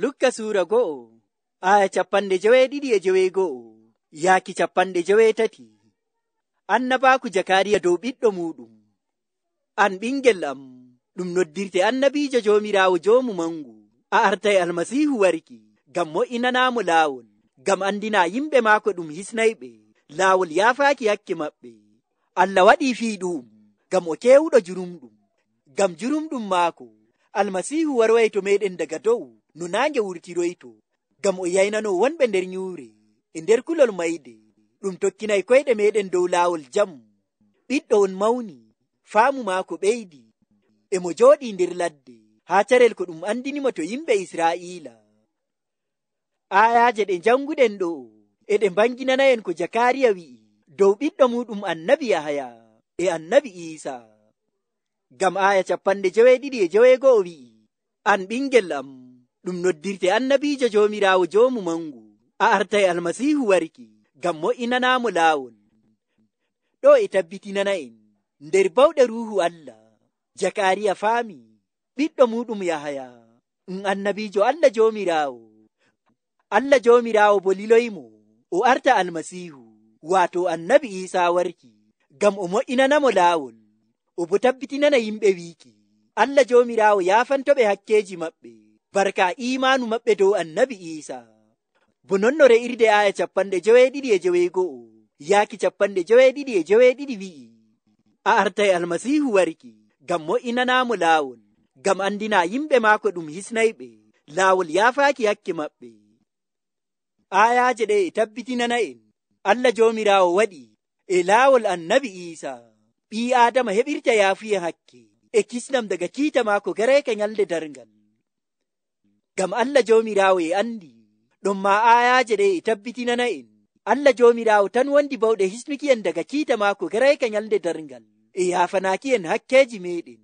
lukka suura go'o aya capanɗe joweeɗiɗi e jowee go'o yaaki capanɗe joweetati annabaaku jakariya dow ɓiɗɗo muɗum an ɓingel am ɗum noddirte annabiijo joomiraawo joomu mangu a artay almasiihu warki ngam mo'inanaamo laawol ngam anndina yimɓe maako ɗum hisnayɓe laawol yaafaaki hakke maɓɓe allah waɗii fiiɗum ngam o keewuɗo jurumɗum ngam jurumɗum maako almasiihu warway to meeɗen daga dow no nange wurtiroyto gam o yaynano wonɓe nder nyuure e nder kulol mayde ɗum tokkinay koyɗe meɗen dow laawol jam ɓiɗɗo on mawni faamu maako ɓeydi emo joɗi nder ladde haa carel ko ɗum andinimo to yimɓe israiila ayaje ɗe janguɗen ɗo eɗe banginanayen ko jakariya wi'i dow ɓiɗɗo muɗum annabi yahaya e annabi isa gam aya capanɗe jeweeɗiɗi e jeweego o wi'i an ɓingel am ɗum noddirte annabijo jomirawo jomu mangu a artai almasihu warki gam mo inanamo lawol ɗo e tabbitinana en nder bawɗe ruhu allah jakariya faami ɓiɗɗo muɗum yahaya n annabijo allah jomirawo allah jomirawo bo liloymo o arta almasihu wato annabi isa warki gam o mo'inanamo lawol o bo tabbitinana yimɓe wiki allah jomirawo yafantoɓe hakkeji maɓɓe barka imanu maɓɓe dow annabi isa bo nonnore irde aya capanɗe joweeɗiɗi e joweego'o yaaki capanɗe joweeɗiɗi e joweeɗiɗi wi'i a artay almasihu wariki ngam mo'inanaamo laawol ngam anndina yimɓe maako ɗum hisnayɓe laawol yaafaaki hakke maɓɓe ayaaje ɗe e tabbitinana en allah joomiraawo waɗi e laawol annabi iisa ɓii aadama heɓirta yaafuye hakke e kisnam daga kiita maako gareeke nyalde darngal gam allah jomirawo e andi ɗum ma ayaje ɗe e tabbitinana en allah jomirawo tan wondi bawɗe hismikien daga kiita maako garayka nyalde darngal e yafanaki en hakkeji meɗen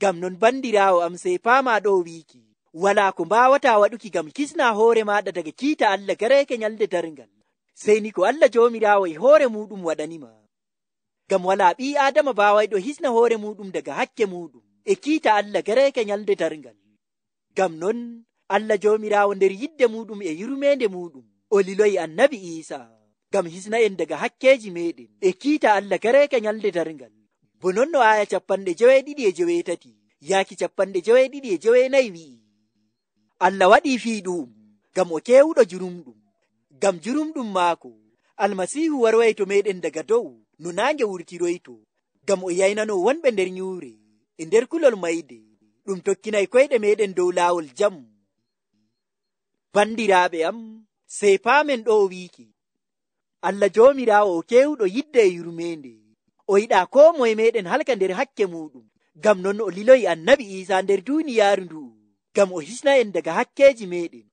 gam non bandirawo am sey pama ɗo wiki wala ko mbawata waɗuki gam kisna hoore maɗa daga kiita allah garayka nyalde darngal seni ko allah jomirawo e hoore muɗum waɗanima gam wala ɓi adama bawayɗo hisna hoore muɗum daga hakke muɗum e kiita allah garayka nyalde darngal gam non allah jamirawo nder yidde muɗum e yurmede muɗum o liloyi annabi isa gam hisna en daga hakkeji meɗen e kiita allah gareka nyalde dargal bo non no aya capanɗe jeweɗiɗi e jeweetati yaaki capanɗe jeweɗiɗi e jeweenayi wi'i allah waɗi fiiɗum gam o kewuɗo jurumɗum gam jurumɗum maako almasihu warwayto meɗen daga dow no nage wurtiroyto gam o yaynano wonɓe nder nyuure e nder kulol mayde ɗum tokkinay koyɗe meɗen dow laawol jam bandiraɓe am sefamen ɗo o wiki allah jomirawo o kewɗo yidde e yurmende o yiɗa ko moye meɗen halka nder hakke muɗum gam non o liloyi annabi isa nder duniyaru ndu gam o hisna en daga hakkeji meɗen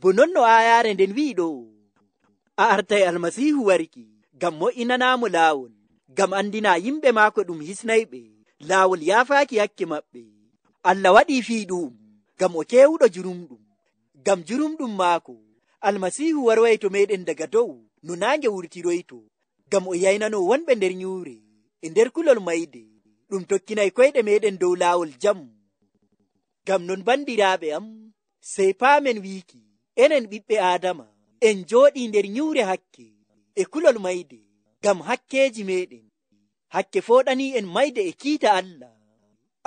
bo non no ayare nden wi ɗo a artai almasihu warki gam mo'inanamo lawol gam andina yimɓe mako ɗum hisnayɓe lawol yafaki hakke maɓɓe allah waɗi fiɗum gam o kewɗo jurumɗum ngam jurumɗum maako almasihu warway to meɗen daga dow no nange wurtiroyto ngam o yaynano wonɓe nder nyuure e nder kulol mayde ɗum tokkinay koyɗe meɗen dow laawol jam ngam non bandiraaɓe am sey paamen wiiki enen ɓiɓɓe aadama en jooɗi nder nyuure hakke e kulol mayde ngam hakkeeji meɗen hakke fooɗani en mayde e kiita allah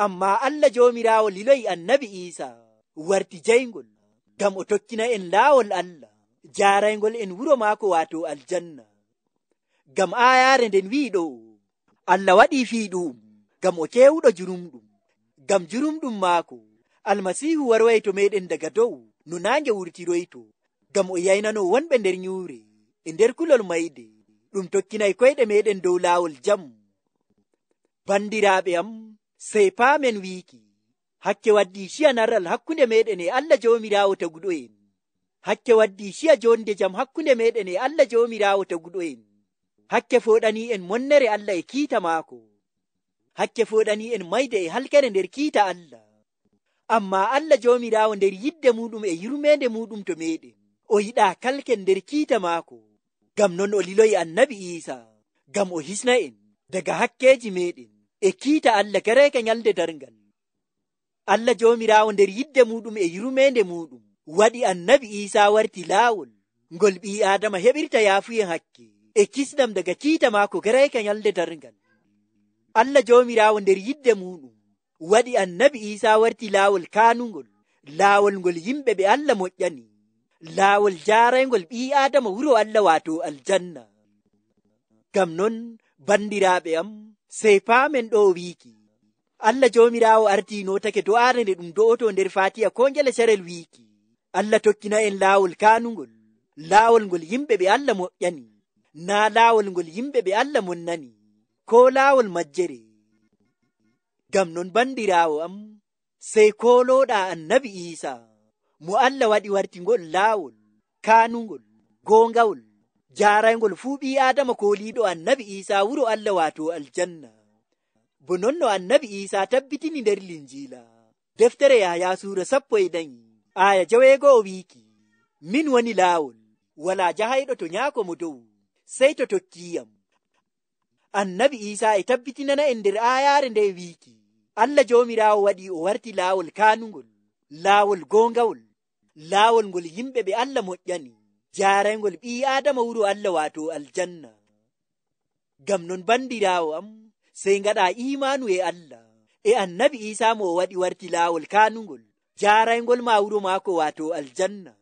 amma allah joomiraawo liloyi annabi iisaa warti jayngol ngam o tokkina en laawol allah jaaraygol en wuro maako waato aljanna ngam ayaare nden wiiɗo allah waɗi fiiɗum ngam o kewuɗo jurumɗum ngam jurumɗum maako almasiihu warwayto meɗen daga dow no naange wurtiroyto ngam o yaynano wonɓe nder nyuure e nder kulol mayde ɗum tokkinay koyɗe meɗen dow laawol jam bandiraaɓe am sey paamen wiiki hakke waddi siya narral hakkunde meɗen e allah jomirawo taguɗo en hakke waddi siya jonde jam hakkunde meɗen e allah jomirawo taguɗo en hakke foɗani en monnere allah e kiita maako hakke foɗani en mayde e halkere nder kiita allah amma allah jomirawo nder yidde muɗum e yurmede muɗum to meɗen o yiɗa kalken nder kiita maako gam non o liloyi annabi isa gam o hisna en daga hakkeji meɗen e kiita allah gareke nyalde dargal allah jomirawo nder yidde muɗum e yurmede muɗum waɗi annabi isa warti laawol ngol ɓi adama heɓirta yafuyen hakke e kisnam daga kiita maako garayka yalde dargal allah jomirawo nder yidde muɗum waɗi annabi isa warti laawol kanugol laawol ngol yimɓe ɓe allah moƴƴani laawol jaraygol ɓi adama wuro allah wato aljanna gam non bandiraɓe am sey pamen ɗo wiiki allah jomirawo ardi notake do'are nde ɗum do'oto nder fatiya ko gele sarel wiiki allah tokkina en laawol kanugol laawol ngol yimɓe ɓe allah moƴƴani na laawol ngol yimɓe ɓe allah monnani ko laawol majjere gam non bandirawo am sey koloɗa annabi isa mo allah waɗi warti ngol laawol kanugol gongawol jaraygol fuu ɓi adama koliɗo annabi isa wuro allah wato aljanna bo nonno annabi isa tabbitini nder linjila deftere yaya suura sappo e dayi aya jaweego o wiiki min woni laawol wala jahayɗo to nyaako mo dow sey to tokkiyam annabi isa e tabbitinana en nder ayaare nde wiiki allah joomiraawo waɗi o warti laawol kaanugol laawol goongawol laawol ngol yimɓe ɓe allah moƴƴani jaaraygol ɓii aadama wuro allah waato aljanna ngam non banndiraawo am sei ngaɗa imanu e allah e annabi isa mo o waɗi warti laawol kanugol jaraygol ma wuro maako wato aljanna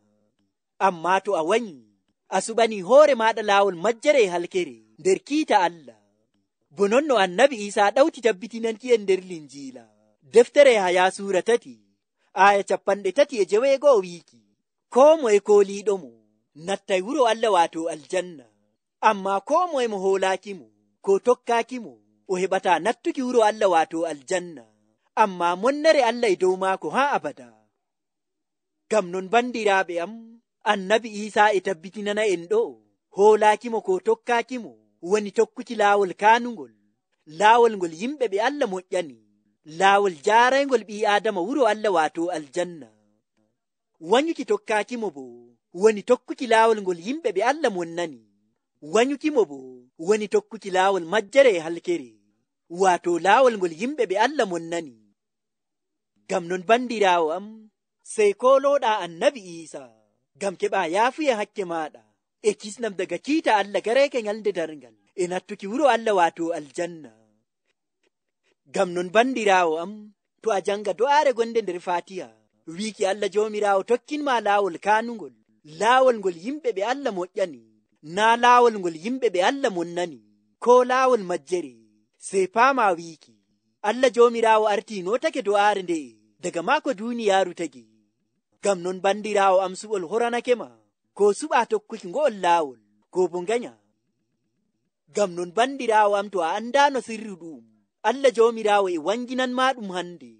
amma to a wanyi a suɓani hoore maɗa laawol majjere e halkere nder kiita allah bo non no annabi isa ɗawti tabbitinanki en nder linjiila deftere haya sura tati aya capanɗe tati e jeweego o wiiki ko mo e koliɗo mo nattai wuro allah wato aljanna amma ko moye mo holakimo ko tokkakimo o heɓata nattuki wuro allah wato aljanna amma monnare allah e dow maako ha abada gam non bandiraɓe am annabi isa e tabbitinana en ɗo hoolakimo ko tokkakimo woni tokkuki laawol kanugol laawol ngol yimɓe ɓe allah moƴƴani laawol jaraygol ɓi adama wuro allah wato aljanna wanyuki tokkakimo bo woni tokkuki laawol ngol yimɓe ɓe allah monnani wanyukimo bo woni tokkuki laawol majjere e halkere wato lawol ngol yimɓe ɓe allah mon nani gam non bandirawo am sei koloɗa annabi isa gam keɓa yafuya hakke maɗa e kisnam daga kiita allah gareke ngalde dargal e nattuki wuro allah wato aljanna gam non bandirawo am to a janga do'are gonde nder fatiha wiki allah jomirawo tokkinma lawol kanugol lawol ngol yimɓe ɓe allah moƴƴani na lawol ngol yimɓe ɓe allah monnani ko lawol majjere sefama wiki allah jomirawo arti no take do'are nde daga mako duniyaru tagi gam non bandirawo am suɓol horanakema ko suɓa tokkuki ngool lawol ko bo ganya gam non bandirawo am to a andano sirru ɗum allah jomirawo e wanginanma ɗum hande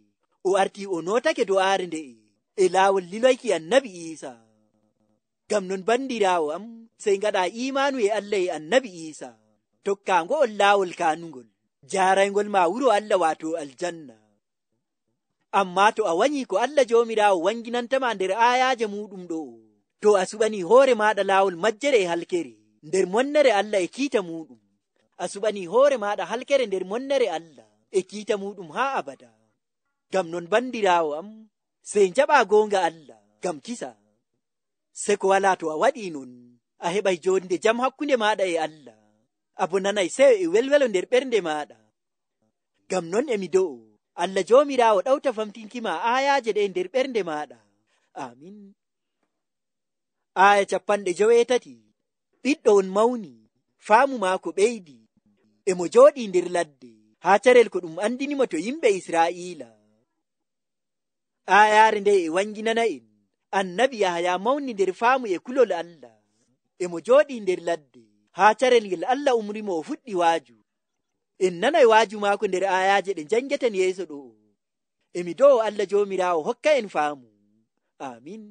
o arti o notake do'are nde e lawol liloyki annabi isa gam non bandirawo am sey gaɗa imanu e allah e annabi isa tokka ngool lawol kanugol jaraygol ma wuro allah wato aljanna amma to a wanyi ko allah jomirawo wanginantama nder ayaje muɗum ɗo to a suɓani hoore maɗa lawol majjere e halkere nder monnere allah e kiita muɗum a suɓani hoore maɗa halkere nder monnere allah e kiita muɗum ha abada gam non bandirawo am sei jaɓa gonga allah gam kisa se ko wala to a waɗi non a heɓai jonde jam hakkunde maɗa e allah abo nanai seyo e welwelo nder ɓernde maɗa gam non emi do'o allah jomirawo ɗawta famtinkima ayaje ɗe nder ɓernde maɗa amin aya capanɗe joweetati ɓiɗɗo on mawni faamu maako ɓeydi emo joɗi nder ladde haa carel ko ɗum andinimo to yimɓe israiila ayare nde e wanginana'en annabi yahaya mawni nder faamu e kulol allah emo joɗi nder ladde haa caren gel allah umrimo o fuɗɗi waaju en nanay waaju maako nder ayaaje ɗe jangeten yeeso ɗo emi dow allah joomiraawo hokka en faamu amin